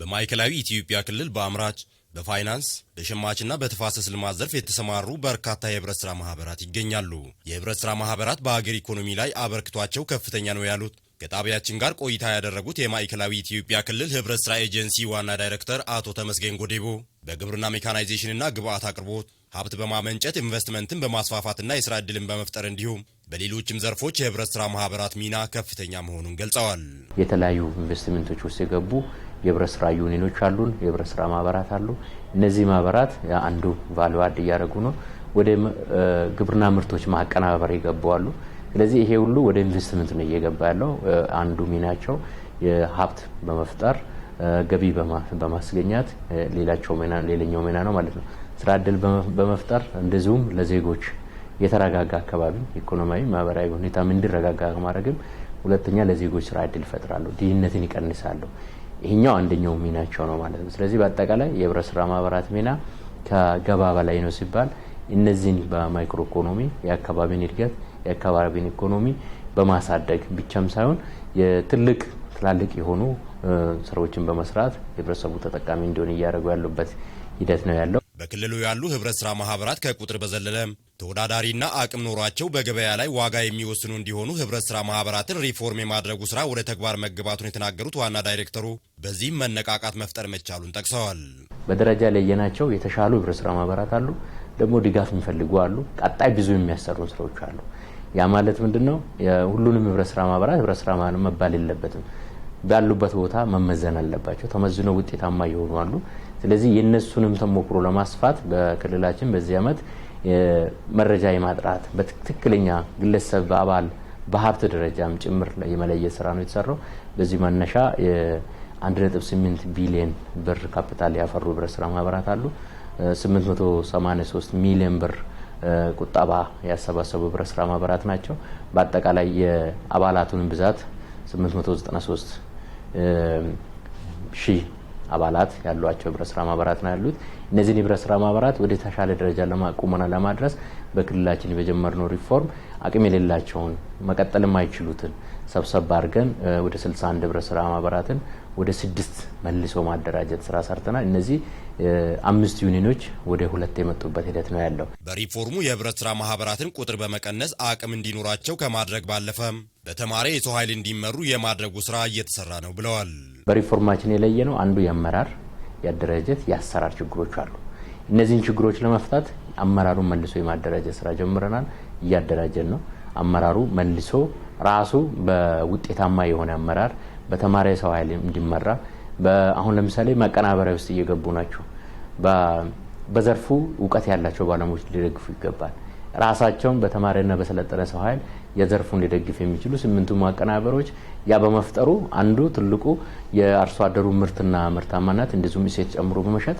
በማዕከላዊ ኢትዮጵያ ክልል በአምራች በፋይናንስ በሸማችና በተፋሰስ ልማት ዘርፍ የተሰማሩ በርካታ የህብረት ስራ ማህበራት ይገኛሉ። የህብረት ስራ ማህበራት በሀገር ኢኮኖሚ ላይ አበርክቷቸው ከፍተኛ ነው ያሉት ከጣቢያችን ጋር ቆይታ ያደረጉት የማዕከላዊ ኢትዮጵያ ክልል ህብረት ስራ ኤጀንሲ ዋና ዳይሬክተር አቶ ተመስገን ጎዴቦ በግብርና ሜካናይዜሽንና ግብአት አቅርቦት ሀብት በማመንጨት ኢንቨስትመንትን በማስፋፋትና የስራ ዕድልን በመፍጠር እንዲሁም በሌሎችም ዘርፎች የህብረት ስራ ማህበራት ሚና ከፍተኛ መሆኑን ገልጸዋል። የተለያዩ ኢንቨስትመንቶች ውስጥ የገቡ የህብረት ስራ ዩኒኖች አሉን፣ የህብረት ስራ ማህበራት አሉ። እነዚህ ማህበራት አንዱ ቫልዋድ እያደረጉ ነው። ወደ ግብርና ምርቶች ማቀናበር ይገባዋሉ። ስለዚህ ይሄ ሁሉ ወደ ኢንቨስትመንት ነው እየገባ ያለው። አንዱ ሚናቸው የሀብት በመፍጠር ገቢ በማስገኛት ሌላኛው ሚና ነው ማለት ነው። ስራ እድል በመፍጠር እንደዚሁም ለዜጎች የተረጋጋ አካባቢ ኢኮኖሚያዊ፣ ማህበራዊ ሁኔታም እንዲረጋጋ ማድረግም፣ ሁለተኛ ለዜጎች ስራ እድል ይፈጥራሉ፣ ድህነትን ይቀንሳሉ። ይሄኛው አንደኛው ሚናቸው ነው ማለት ነው። ስለዚህ በአጠቃላይ የህብረት ስራ ማህበራት ሚና ከገባ በላይ ነው ሲባል እነዚህን በማይክሮ ኢኮኖሚ የአካባቢን እድገት የአካባቢን ኢኮኖሚ በማሳደግ ብቻም ሳይሆን የትልቅ ትላልቅ የሆኑ ስራዎችን በመስራት የህብረተሰቡ ተጠቃሚ እንዲሆን እያደረጉ ያሉበት ሂደት ነው ያለው። በክልሉ ያሉ ህብረት ስራ ማህበራት ከቁጥር በዘለለ ተወዳዳሪና አቅም ኖሯቸው በገበያ ላይ ዋጋ የሚወስኑ እንዲሆኑ ህብረት ስራ ማህበራትን ሪፎርም የማድረጉ ስራ ወደ ተግባር መግባቱን የተናገሩት ዋና ዳይሬክተሩ በዚህም መነቃቃት መፍጠር መቻሉን ጠቅሰዋል። በደረጃ ለየናቸው የተሻሉ ህብረት ስራ ማህበራት አሉ፣ ደግሞ ድጋፍ የሚፈልጉ አሉ፣ ቀጣይ ብዙ የሚያሰሩ ስራዎች አሉ። ያ ማለት ምንድን ነው? ሁሉንም ህብረት ስራ ማህበራት ህብረት ስራ መባል የለበትም። ባሉበት ቦታ መመዘን አለባቸው። ተመዝኖ ውጤታማ የሆኑ አሉ ስለዚህ የእነሱንም ተሞክሮ ለማስፋት በክልላችን በዚህ ዓመት መረጃ የማጥራት በትክክለኛ ግለሰብ በአባል በሀብት ደረጃም ጭምር የመለየት ስራ ነው የተሰራው። በዚህ መነሻ 1.8 ቢሊዮን ብር ካፒታል ያፈሩ ህብረት ስራ ማህበራት አሉ። 883 ሚሊዮን ብር ቁጠባ ያሰባሰቡ ህብረት ስራ ማህበራት ናቸው። በአጠቃላይ የአባላቱን ብዛት 893 ሺህ አባላት ያሏቸው ህብረት ስራ ማህበራት ነው ያሉት። እነዚህን ህብረት ስራ ማህበራት ወደ ተሻለ ደረጃ ቁመና ለማድረስ በክልላችን በጀመርነው ሪፎርም አቅም የሌላቸውን መቀጠል የማይችሉትን ሰብሰብ አድርገን ወደ 61 ህብረት ስራ ማህበራትን ወደ ስድስት መልሶ ማደራጀት ስራ ሰርተናል። እነዚህ አምስት ዩኒኖች ወደ ሁለት የመጡበት ሂደት ነው ያለው። በሪፎርሙ የህብረት ስራ ማህበራትን ቁጥር በመቀነስ አቅም እንዲኖራቸው ከማድረግ ባለፈ በተማሪ የሰው ኃይል እንዲመሩ የማድረጉ ስራ እየተሰራ ነው ብለዋል። በሪፎርማችን የለየ ነው አንዱ የአመራር የአደረጀት የአሰራር ችግሮች አሉ። እነዚህን ችግሮች ለመፍታት አመራሩን መልሶ የማደራጀት ስራ ጀምረናል። እያደራጀን ነው። አመራሩ መልሶ ራሱ በውጤታማ የሆነ አመራር በተማሪ የሰው ኃይል እንዲመራ አሁን ለምሳሌ መቀናበሪያ ውስጥ እየገቡ ናቸው። በዘርፉ እውቀት ያላቸው ባለሙያዎች ሊደግፉ ይገባል። ራሳቸውን በተማሪና በሰለጠነ ሰው ኃይል የዘርፉን ሊደግፍ የሚችሉ ስምንቱ ማቀናበሮች ያ በመፍጠሩ አንዱ ትልቁ የአርሶ አደሩ ምርትና ምርታማነት እንደዚሁም እሴት ጨምሮ በመሸጥ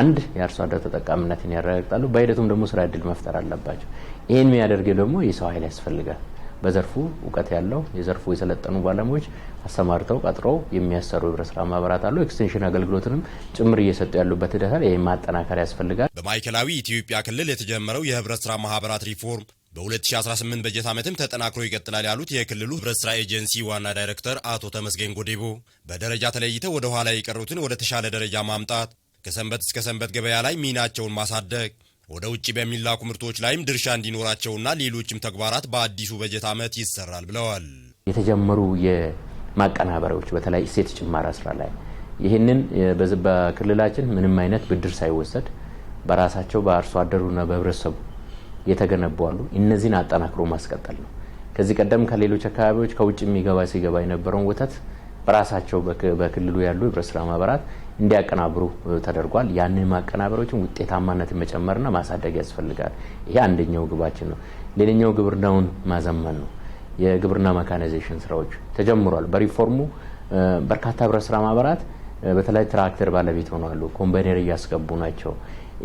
አንድ የአርሶ አደር ተጠቃሚነትን ያረጋግጣሉ። በሂደቱም ደግሞ ስራ እድል መፍጠር አለባቸው። ይህን የሚያደርገው ደግሞ የሰው ኃይል ያስፈልጋል። በዘርፉ እውቀት ያለው የዘርፉ የሰለጠኑ ባለሙያዎች አሰማርተው ቀጥረው የሚያሰሩ ህብረት ስራ ማህበራት አሉ። ኤክስቴንሽን አገልግሎትንም ጭምር እየሰጡ ያሉበት ሂደት አለ። ይህም ማጠናከር ያስፈልጋል። በማዕከላዊ ኢትዮጵያ ክልል የተጀመረው የህብረት ስራ ማህበራት ሪፎርም በ2018 በጀት ዓመትም ተጠናክሮ ይቀጥላል ያሉት የክልሉ ህብረት ስራ ኤጀንሲ ዋና ዳይሬክተር አቶ ተመስገን ጎዴቦ በደረጃ ተለይተው ወደ ኋላ የቀሩትን ወደ ተሻለ ደረጃ ማምጣት፣ ከሰንበት እስከ ሰንበት ገበያ ላይ ሚናቸውን ማሳደግ ወደ ውጭ በሚላኩ ምርቶች ላይም ድርሻ እንዲኖራቸውና ሌሎችም ተግባራት በአዲሱ በጀት ዓመት ይሰራል ብለዋል። የተጀመሩ የማቀናበሪያዎች በተለይ እሴት ጭማሪ ስራ ላይ ይህንን በክልላችን ምንም አይነት ብድር ሳይወሰድ በራሳቸው በአርሶ አደሩና በህብረተሰቡ የተገነቡ አሉ። እነዚህን አጠናክሮ ማስቀጠል ነው። ከዚህ ቀደም ከሌሎች አካባቢዎች ከውጭ የሚገባ ሲገባ የነበረውን ወተት በራሳቸው በክልሉ ያሉ የህብረት ስራ ማህበራት እንዲያቀናብሩ ተደርጓል። ያንን ማቀናበሮችን ውጤታማነትን መጨመርና ማሳደግ ያስፈልጋል። ይሄ አንደኛው ግባችን ነው። ሌላኛው ግብርናውን ማዘመን ነው። የግብርና መካናይዜሽን ስራዎች ተጀምሯል። በሪፎርሙ በርካታ ህብረት ስራ ማህበራት በተለይ ትራክተር ባለቤት ሆነዋል። ኮምባይነር እያስገቡ ናቸው።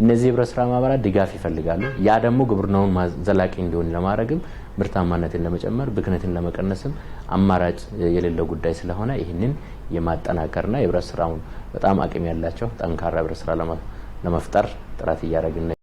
እነዚህ ህብረት ስራ ማህበራት ድጋፍ ይፈልጋሉ። ያ ደግሞ ግብርናውን ዘላቂ እንዲሆን ለማድረግም ምርታማነትን ለመጨመር ብክነትን ለመቀነስም አማራጭ የሌለው ጉዳይ ስለሆነ ይህንን የማጠናከርና የህብረት ስራውን በጣም አቅም ያላቸው ጠንካራ ህብረት ስራ ለመፍጠር ጥረት እያደረግን